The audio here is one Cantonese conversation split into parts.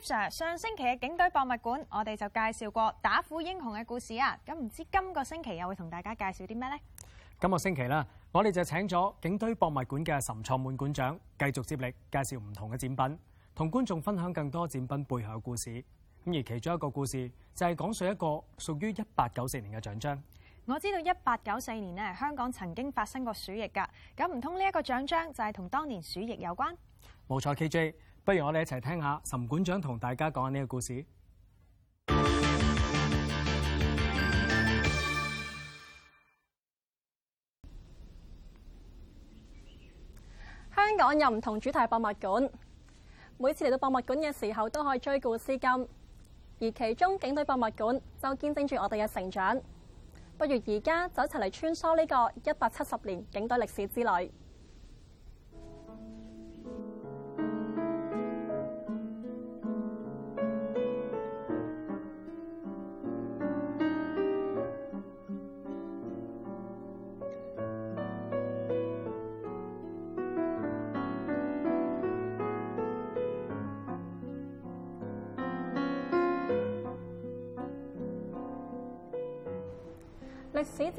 Sir, 上星期嘅警隊博物館，我哋就介紹過打虎英雄嘅故事啊。咁唔知今個星期又會同大家介紹啲咩呢？今個星期啦，我哋就請咗警隊博物館嘅岑創滿館長繼續接力介紹唔同嘅展品，同觀眾分享更多展品背後嘅故事。咁而其中一個故事就係講述一個屬於一八九四年嘅獎章。我知道一八九四年呢，香港曾經發生過鼠疫噶。咁唔通呢一個獎章就係同當年鼠疫有關？冇錯，KJ。不如我哋一齊聽下岑館長同大家講下呢個故事。香港有唔同主題博物館，每次嚟到博物館嘅時候都可以追古思今，而其中警隊博物館就見證住我哋嘅成長。不如而家就一齊嚟穿梭呢個一百七十年警隊歷史之旅。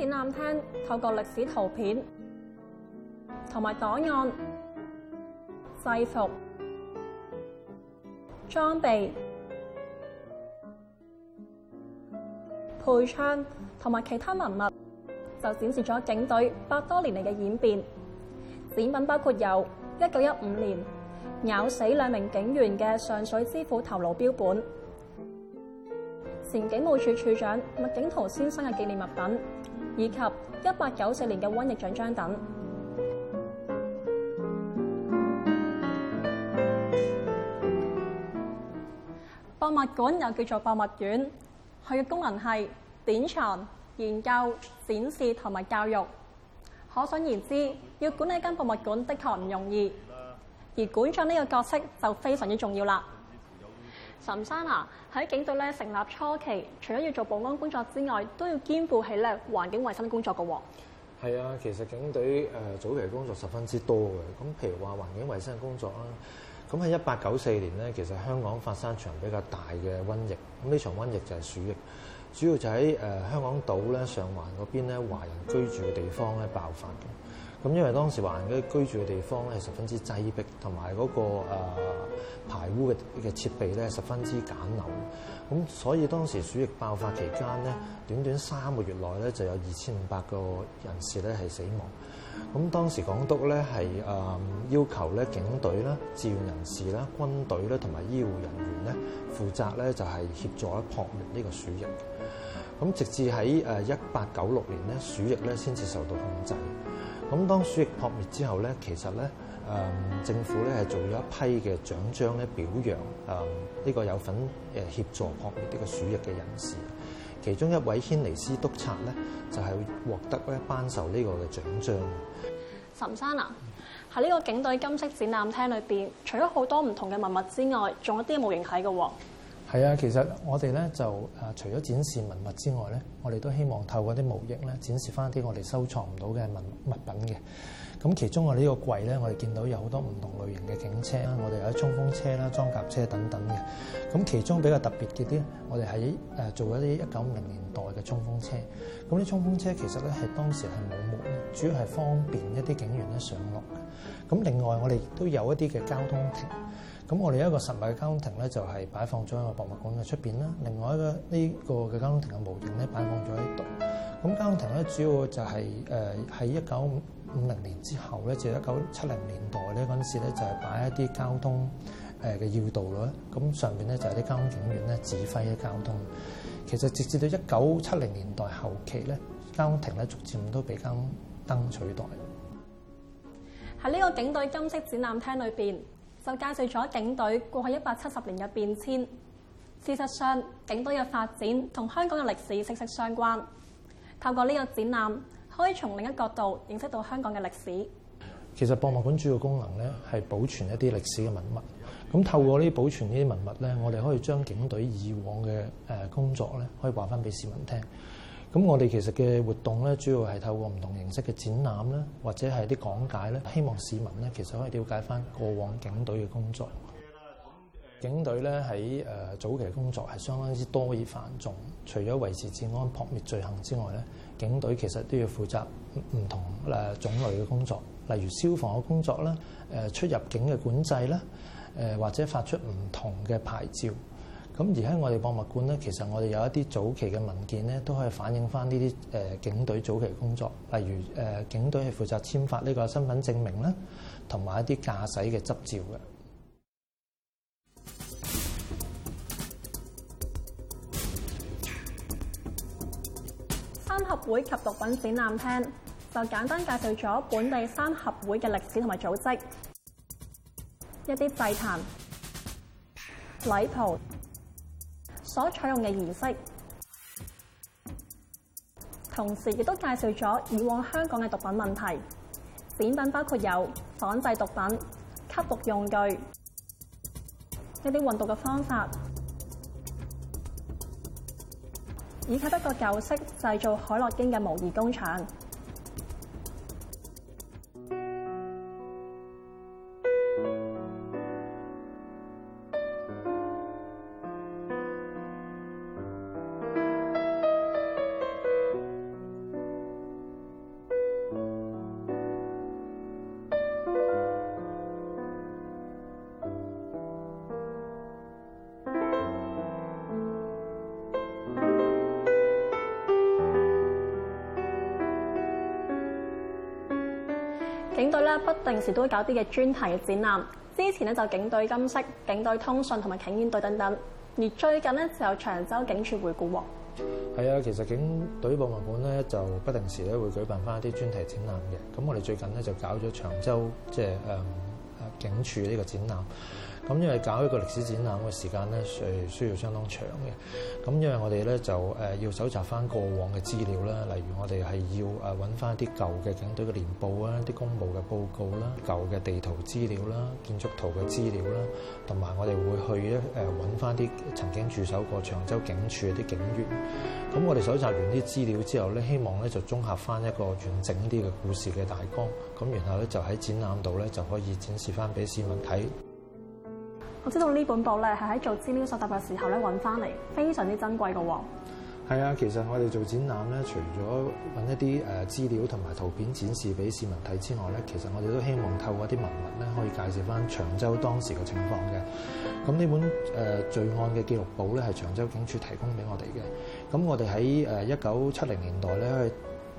展覽廳透過歷史圖片同埋檔案、制服、裝備、配槍同埋其他文物，就展示咗警隊百多年嚟嘅演變。展品包括有一九一五年咬死兩名警員嘅上水之虎頭顱標本，前警務處處長麥景陶先生嘅紀念物品，以及一八九四年嘅瘟疫獎章等。博物館又叫做博物院，佢嘅功能係典藏、研究、展示同埋教育。可想而知，要管理一間博物館的確唔容易，而館長呢個角色就非常之重要啦。岑生啊，喺警隊咧成立初期，除咗要做保安工作之外，都要肩負起咧環境衞生工作嘅喎、哦。係啊，其實警隊、呃、早期工作十分之多嘅。咁譬如話環境衞生工作啊，咁喺一八九四年咧，其實香港發生一場比較大嘅瘟疫，咁呢場瘟疫就係鼠疫，主要就喺、呃、香港島咧上環嗰邊咧華人居住嘅地方咧爆發嘅。咁因為當時華人居住嘅地方咧係十分之擠迫，同埋嗰個、呃、排污嘅嘅設備咧十分之簡陋，咁所以當時鼠疫爆發期間，咧，短短三個月內咧就有二千五百個人士咧係死亡。咁當時港督咧係、呃、要求咧警隊、啦、志願人士啦、軍隊啦同埋醫護人員咧負責咧就係協助咧撲滅呢個鼠疫。咁直至喺誒一八九六年咧鼠疫咧先至受到控制。咁當鼠疫撲滅之後咧，其實咧，誒政府咧係做咗一批嘅獎章咧，表揚誒呢、呢個有份誒協助撲滅呢個鼠疫嘅人士。其中一位軒尼詩督察咧，就係獲得一班受呢個嘅獎章。岑生啊，喺呢個警隊金色展覽廳裏邊，除咗好多唔同嘅文物，物之外，仲有啲模型喺㗎喎。係啊，其實我哋咧就誒除咗展示文物之外咧，我哋都希望透過啲模型咧展示返啲我哋收藏唔到嘅文物品嘅。咁其中這個櫃我哋呢個櫃咧，我哋見到有好多唔同類型嘅警車啦，我哋有啲衝鋒車啦、裝甲車等等嘅。咁其中比較特別嘅啲，我哋喺誒做了一啲一九五零年代嘅衝鋒車。咁啲衝鋒車其實咧係當時係冇門，主要係方便一啲警員咧上落。咁另外我哋亦都有一啲嘅交通亭。咁我哋一個實物嘅交通亭咧，就係、是、擺放咗喺個博物館嘅出邊啦。另外一個呢、這個嘅交通亭嘅模型咧，擺放咗喺度。咁交通亭咧，主要就係誒喺一九五零年之後咧，即係一九七零年代咧嗰陣時咧，就係、是、擺一啲交通誒嘅要道咯。咁上邊咧就係、是、啲交通警員咧指揮嘅交通。其實直至到一九七零年代後期咧，交通亭咧逐漸都被交通燈取代。喺呢個警隊金色展覽廳裏邊，就介紹咗警隊過去一百七十年嘅變遷。事實上，警隊嘅發展同香港嘅歷史息息相關。透過呢個展覽，可以從另一角度認識到香港嘅歷史。其實博物館主要功能咧係保存一啲歷史嘅文物。咁透過呢啲保存呢啲文物咧，我哋可以將警隊以往嘅誒工作咧，可以話翻俾市民聽。咁我哋其實嘅活動咧，主要係透過唔同形式嘅展覽咧，或者係啲講解咧，希望市民咧其實可以了解翻過往警隊嘅工作。警隊咧喺呃、早期嘅工作係相當之多而繁重，除咗維持治安、撲滅罪行之外咧，警隊其實都要負責唔同、呃、種類嘅工作，例如消防嘅工作啦、呃、出入境嘅管制啦、呃、或者發出唔同嘅牌照。咁而喺我哋博物館咧，其實我哋有一啲早期嘅文件咧，都可以反映翻呢啲誒警隊早期工作，例如誒警隊係負責簽發呢個身份證明啦，同埋一啲駕駛嘅執照嘅。三合會及毒品展覽廳就簡單介紹咗本地三合會嘅歷史同埋組織，一啲祭壇、禮袍所採用嘅儀式，同時亦都介紹咗以往香港嘅毒品問題。展品包括有仿製毒品、吸毒用具、一啲運毒嘅方法，以及一個舊式製造海洛因嘅模擬工廠。不定時都會搞啲嘅專題展覽，之前咧就警隊金色、警隊通訊同埋警犬隊等等，而最近咧就有長洲警署回顧喎。係啊，其實警隊博物館咧就不定時咧會舉辦翻一啲專題展覽嘅。咁我哋最近咧就搞咗長洲即係、誒誒、警署呢個展覽。咁因為搞一個歷史展覽嘅時間咧，需要相當長嘅。咁因為我哋咧就誒要搜查翻過往嘅資料啦，例如我哋係要誒揾翻一啲舊嘅警隊嘅年報啊、啲公務嘅報告啦、舊嘅地圖資料啦、建築圖嘅資料啦，同埋我哋會去咧誒揾翻啲曾經駐守過長洲警署嘅啲警員。咁我哋搜查完啲資料之後咧，希望咧就綜合翻一個完整啲嘅故事嘅大綱。咁然後咧就喺展覽度咧就可以展示翻俾市民睇。我知道呢本簿咧係喺做資料蒐集嘅時候咧揾翻嚟，非常之珍貴嘅喎。係啊，其實我哋做展覽咧，除咗揾一啲資料同埋圖片展示俾市民睇之外咧，其實我哋都希望透過一啲文物咧，可以介紹翻長洲當時嘅情況嘅。咁呢本誒罪案嘅記錄簿咧，係長洲警署提供俾我哋嘅。咁我哋喺誒一九七零年代咧。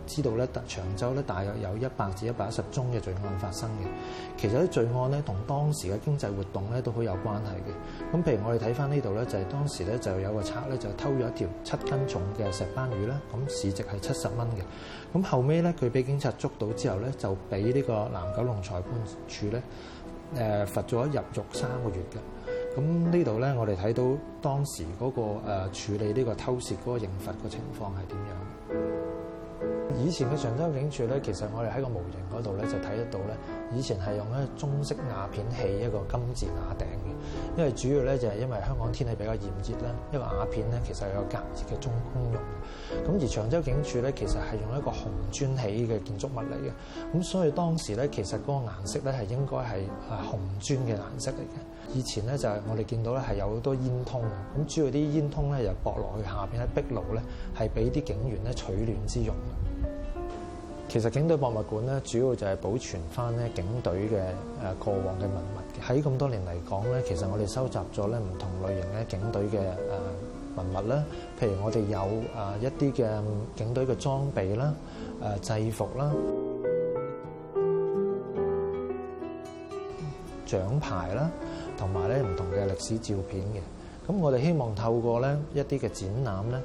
知道咧，長洲咧大約有一百至一百一十宗嘅罪案發生嘅。其實啲罪案咧同當時嘅經濟活動咧都好有關係嘅。咁譬如我哋睇翻呢度咧，就係當時咧就有個賊咧就偷咗一條七斤重嘅石斑魚啦，咁市值係七十蚊嘅。咁後尾咧，佢俾警察捉到之後咧，就俾呢個南九龍裁判處咧誒罰咗入獄三個月嘅。咁呢度咧我哋睇到當時嗰個誒處理呢個偷竊嗰個刑罰嘅情況係點樣？以前嘅長洲警署咧，其實我哋喺個模型嗰度咧就睇得到咧。以前係用一個中式瓦片起一個金字瓦頂嘅，因為主要咧就係因為香港天氣比較炎熱啦。一個瓦片咧其實有個隔熱嘅中空用。咁而長洲警署咧，其實係用一個紅磚起嘅建築物嚟嘅，咁所以當時咧其實嗰個顏色咧係應該係紅磚嘅顏色嚟嘅。以前咧就係我哋見到咧係有好多煙通，咁主要啲煙通咧又駁落去下面咧壁爐咧係俾啲警員咧取暖之用。其實警隊博物館咧，主要就係保存返咧警隊嘅誒過往嘅文物。喺咁多年嚟講咧，其實我哋收集咗咧唔同類型嘅警隊嘅誒文物啦，譬如我哋有誒一啲嘅警隊嘅裝備啦、誒制服啦、獎牌啦，同埋咧唔同嘅歷史照片嘅。咁我哋希望透過咧一啲嘅展覽咧，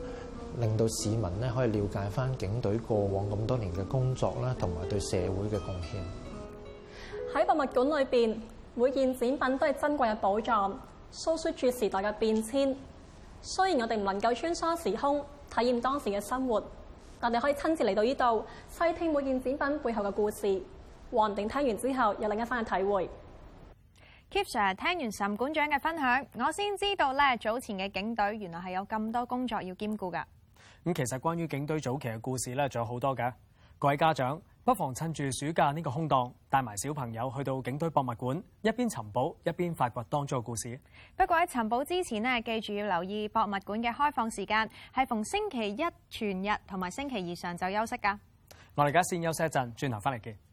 令到市民咧可以了解翻警隊過往咁多年嘅工作啦，同埋對社會嘅貢獻。喺博物館裏邊，每件展品都係珍貴嘅寶藏，訴說住時代嘅變遷。雖然我哋唔能夠穿梭時空體驗當時嘅生活，但你可以親自嚟到呢度細聽每件展品背後嘅故事。話唔定聽完之後有另一番嘅體會。Kip Sir 聽完岑館長嘅分享，我先知道咧早前嘅警隊原來係有咁多工作要兼顧㗎。咁其實關於警隊早期嘅故事咧，仲有好多㗎。各位家長不妨趁住暑假呢個空檔，帶埋小朋友去到警隊博物館，一邊尋寶一邊發掘當中嘅故事。不過喺尋寶之前呢，記住要留意博物館嘅開放時間，係逢星期一全日同埋星期二上晝休息㗎。我哋而家先休息一陣，轉頭翻嚟見。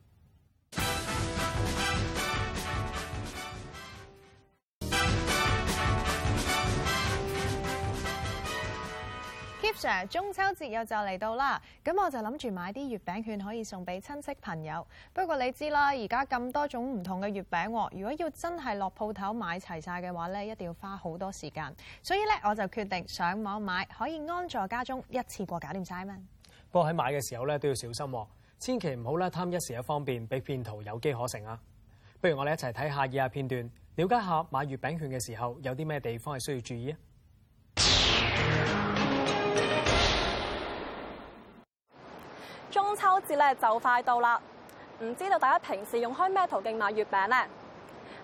Sir，中秋節又就嚟到啦，咁我就諗住買啲月餅券可以送俾親戚朋友。不過你知啦，而家咁多種唔同嘅月餅，如果要真係落鋪頭買齊晒嘅話咧，一定要花好多時間。所以咧，我就決定上網買，可以安坐家中一次過搞掂晒嘛。不過喺買嘅時候咧都要小心，哦，千祈唔好咧貪一時嘅方便，俾騙徒有機可乘啊！不如我哋一齊睇下以下片段，了解下買月餅券嘅時候有啲咩地方係需要注意啊！節咧就快到啦，唔知道大家平時用開咩途徑買月餅咧？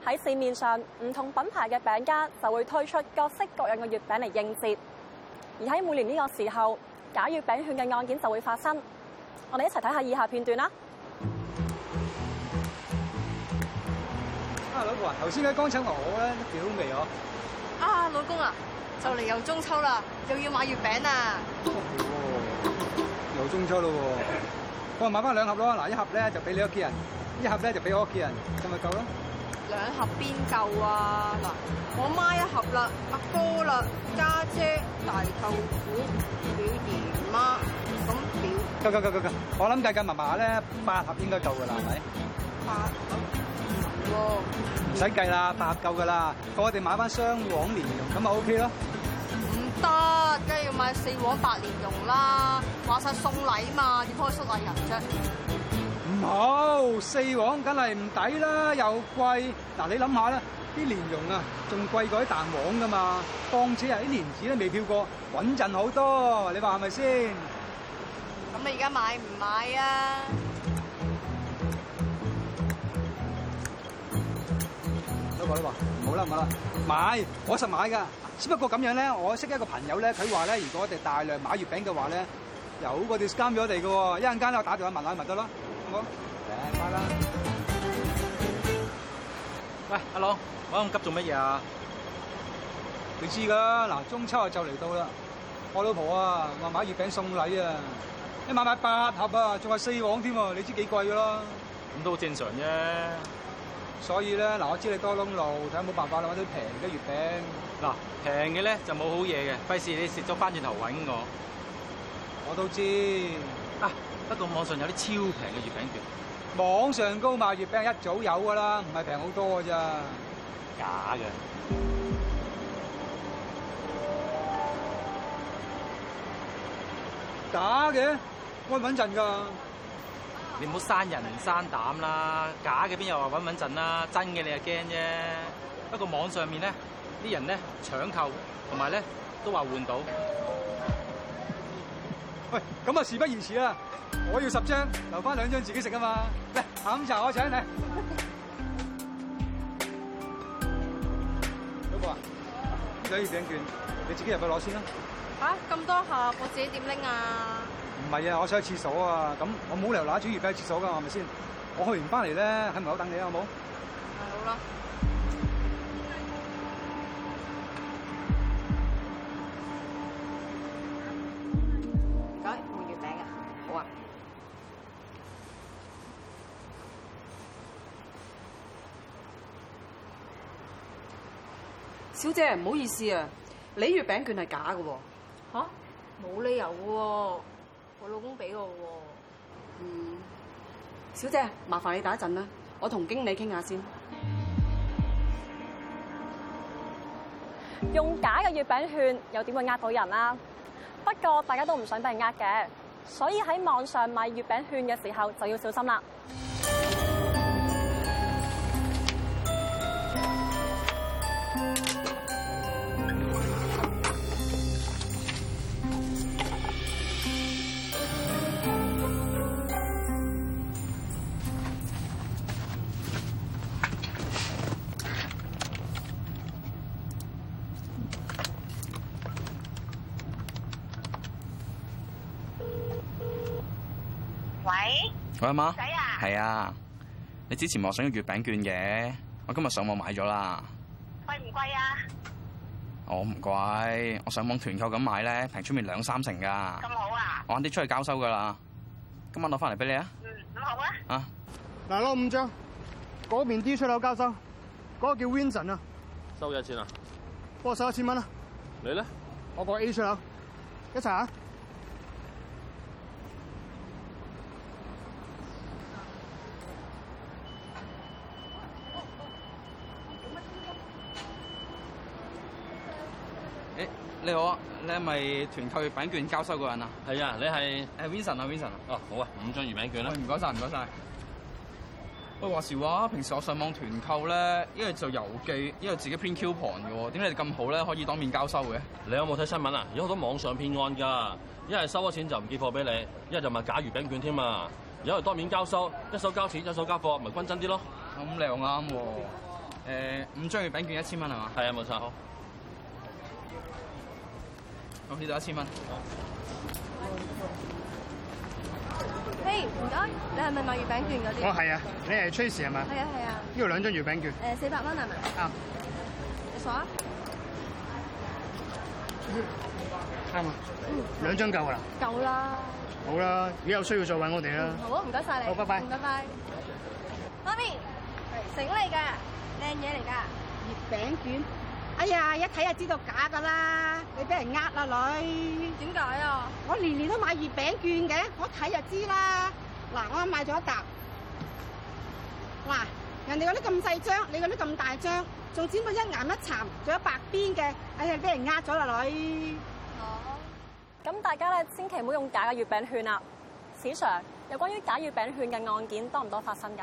喺市面上唔同品牌嘅餅家就會推出各式各樣嘅月餅嚟應節。而喺每年呢個時候，假月餅券嘅案件就會發生。我哋一齊睇下以下片段啦。啊，老婆啊，頭先嘅光橙鵝咧，幾好味啊！啊，老公啊，就嚟又中秋啦，又、啊、要買月餅啦。哦，又中秋咯喎！ 我買翻兩盒咯，嗱，一盒咧就俾你屋企人，一盒咧就俾我屋企人，咁咪夠咯。兩盒邊夠啊？嗱，我媽一盒啦，阿哥啦，家姐、大舅父、表姨媽，咁表……夠夠夠夠夠！我諗計計麻麻咧八盒應該夠噶啦，係咪？八盒唔夠。唔使計啦，八盒夠噶啦。我哋買翻雙黃蓮蓉，咁咪 OK 咯。唔得。梗係要買四黃八蓮蓉啦，話晒送禮嘛，點可以失禮人啫。唔好，四黃梗係唔抵啦，又貴。嗱，你諗下啦，啲蓮蓉啊，仲貴過啲蛋黃噶嘛？況且啊，啲蓮子都未漂過，穩陣好多。你話係咪先？咁你而家買唔買啊？我話唔好啦，唔好啦買，我實買噶。只不過咁樣咧，我識一個朋友咧，佢話咧，如果我哋大量買月餅嘅話咧，有嗰啲 discount 我哋噶。一陣間咧，我打電話問下佢得咯。得冇？得啦。喂，阿朗，我咁急做乜嘢啊？你知噶啦，嗱，中秋啊就嚟到啦。我老婆啊話買月餅送禮啊，你買買八盒啊，仲係四黃添啊，你知幾貴㗎啦。咁都正常啫。所以咧，嗱，我知你多窿路，睇下冇辦法啦，揾啲平嘅月餅。嗱，平嘅咧就冇好嘢嘅，費事你蝕咗翻轉頭揾我。我都知。啊，不過網上有啲超平嘅月餅店。網上高賣月餅一早有㗎啦，唔係平好多㗎咋。假嘅的。假嘅，安穩陣㗎。你唔好生人唔生膽啦，假嘅邊又話穩穩陣啦，真嘅你啊驚啫。不過網上面咧，啲人咧搶購，同埋咧都話換到。喂，咁啊事不宜遲啊，我要十張，留翻兩張自己食啊嘛。嚟下午茶我請你。老婆啊，呢張月餅券你自己入去攞先啦、啊。嚇，咁多盒，我自己點拎啊？唔係啊！我想去廁所啊！咁我冇理由攬住月餅去廁所噶，係咪先？我去完翻嚟咧，喺門口等你，啊，好唔好？好啦，唔該換月餅啊！好啊，小姐唔好意思啊，你的月餅券係假嘅喎、啊，吓冇、啊、理由喎、啊。我老公俾我喎，嗯，小姐，麻煩你打一陣啦，我同經理傾下先。用假嘅月餅券又點會呃到人啊？不過大家都唔想俾人呃嘅，所以喺網上買月餅券嘅時候就要小心啦。阿媽，係啊，啊，你之前問我想要月餅券嘅，我今日上網買咗啦。貴唔貴啊？我唔貴，我上網團購咁買咧，平出面兩三成噶。咁好啊！我啱啱出去交收噶啦，今晚攞翻嚟俾你啊。嗯，咁好啊。啊，嗱，攞五張，嗰邊 D 出口交收，嗰、那個叫 Vincent 啊。收幾多錢啊？幫我收一千蚊啊！你咧呢？我個 A 出口！一齊啊！你好，你係咪團購月餅券，券交收嗰人啊？係啊，你係誒 Vincent 啊，Vincent 啊。Cent, 哦，好啊，五張月餅券咧。唔該晒，唔該曬。喂，話時話，平時我上網團購咧，因為做郵寄，因為自己編 coupon 嘅喎，點解你咁好咧，可以當面交收嘅？你有冇睇新聞啊？有好多網上騙案㗎，一係收咗錢就唔寄貨俾你，一係就賣假月餅券添啊！一係當面交收，一手交錢一手交貨，咪均真啲咯？咁靚啱喎。誒、啊呃，五張月餅券一千蚊係嘛？係啊，冇錯。好呢度一千蚊。嘿，唔該，hey，你係咪賣月餅券嗰啲？哦，係啊，你係崔氏係咪？係啊係啊。呢度，啊、兩張月餅券。誒，呃，四百蚊係咪？嗯，啊。你傻啊？啱啊，嗯。兩張夠啊啦。夠啦了。好啦，如果有需要再揾我哋啦，嗯。好唔該晒你。好，拜拜。嗯，拜拜。媽咪，係整嚟㗎，靚嘢嚟㗎。月餅券。哎呀，一睇就知道假噶啦！你俾人呃啦，女。點解啊？我年年都買月餅券嘅，我一睇就知啦。嗱，我啱買咗一沓。嗱，人哋嗰啲咁細張，你嗰啲咁大張，仲剪過一岩一殘，仲有白邊嘅。哎呀，俾人呃咗啦，女。哦，咁大家咧，千祈唔好用假嘅月餅券啦。史 Sir，有關於假月餅券嘅案件多唔多發生噶？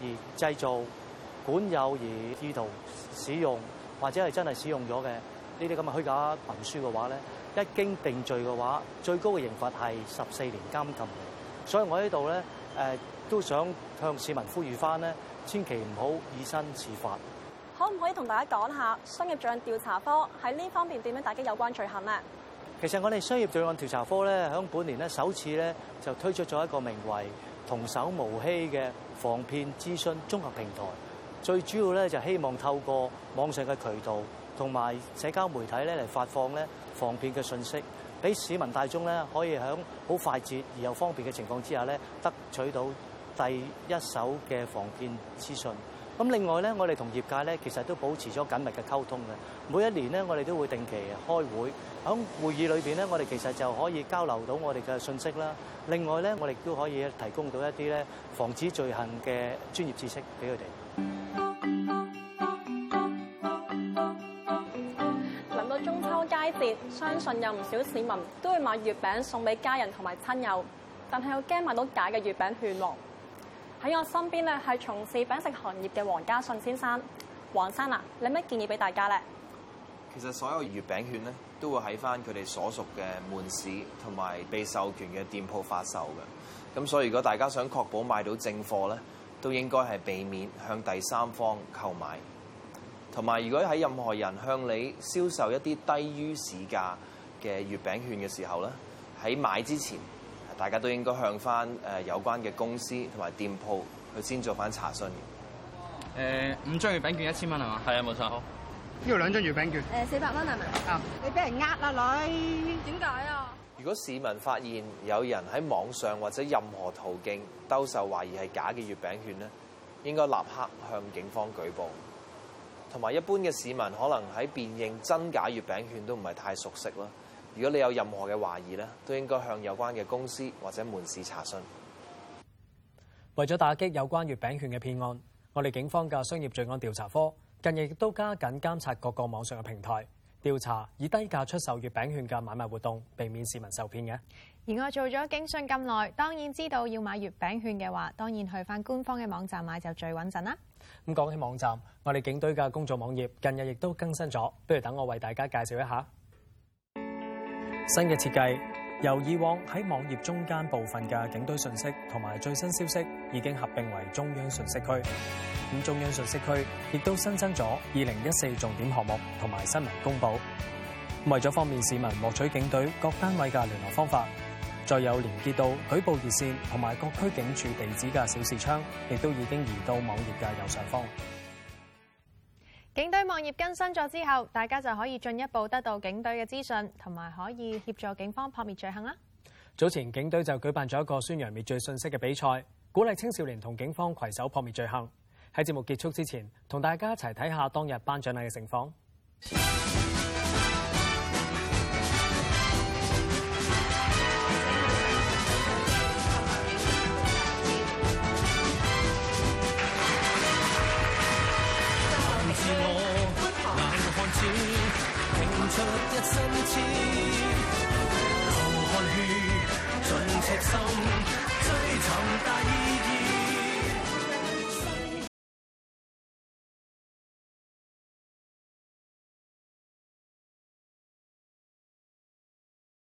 而製造、管有而意圖使用，或者係真係使用咗嘅呢啲咁嘅虛假文書嘅話咧，一經定罪嘅話，最高嘅刑罰係十四年監禁。所以我喺呢度咧誒，都想向市民呼籲翻咧，千祈唔好以身試法。可唔可以同大家講下商業罪案調查科喺呢方面點樣打擊有關罪行呢？其實我哋商業罪案調查科咧，響本年咧首次咧就推出咗一個名為同手無欺嘅防騙諮詢綜合平台，最主要咧就希望透過網上嘅渠道同埋社交媒體咧嚟發放咧防騙嘅訊息，俾市民大眾咧可以喺好快捷而又方便嘅情況之下咧，得取到第一手嘅防騙資訊。咁另外咧，我哋同業界咧，其實都保持咗緊密嘅溝通嘅。每一年咧，我哋都會定期開會，喺會議裏邊咧，我哋其實就可以交流到我哋嘅信息啦。另外咧，我哋都可以提供到一啲咧防止罪行嘅專業知識俾佢哋。諗到中秋佳節，相信有唔少市民都會買月餅送俾家人同埋親友，但係又驚買到假嘅月餅，騙黃。喺我身邊咧，係從事餅食行業嘅黃家信先生。黃生啊，你有咩建議俾大家咧？其實所有月餅券咧，都會喺翻佢哋所屬嘅門市同埋被授權嘅店鋪發售嘅。咁所以如果大家想確保買到正貨咧，都應該係避免向第三方購買。同埋，如果喺任何人向你銷售一啲低於市價嘅月餅券嘅時候咧，喺買之前。大家都應該向翻誒有關嘅公司同埋店鋪去先做翻查詢。誒五張月餅券一千蚊係嘛？係啊，冇錯。好，呢度兩張月餅券。誒四百蚊係咪？你俾人呃啦，女，點解啊？如果市民發現有人喺網上或者任何途徑兜售懷疑係假嘅月餅券咧，應該立刻向警方舉報。同埋一般嘅市民可能喺辨認真假月餅券都唔係太熟悉囉。如果你有任何嘅懷疑咧，都應該向有關嘅公司或者門市查詢。為咗打擊有關月餅券嘅騙案，我哋警方嘅商業罪案調查科近日亦都加緊監察各個網上嘅平台，調查以低價出售月餅券嘅買賣活動，避免市民受騙嘅。而我做咗警訊咁耐，當然知道要買月餅券嘅話，當然去翻官方嘅網站買就最穩陣啦。咁講起網站，我哋警隊嘅工作網頁近日亦都更新咗，不如等我為大家介紹一下。新嘅設計由以往喺網頁中間部分嘅警隊信息、同埋最新消息，已經合併為中央信息區。咁中央信息區亦都新增咗二零一四重點項目同埋新聞公布。為咗方便市民獲取警隊各單位嘅聯絡方法，再有連結到舉報熱線同埋各區警署地址嘅小視窗，亦都已經移到網頁嘅右上方。警隊網頁更新咗之後，大家就可以進一步得到警隊嘅資訊，同埋可以協助警方撲滅罪行啦。早前警隊就舉辦咗一個宣揚滅罪信息嘅比賽，鼓勵青少年同警方携手撲滅罪行。喺節目結束之前，同大家一齊睇下當日頒獎禮嘅情況。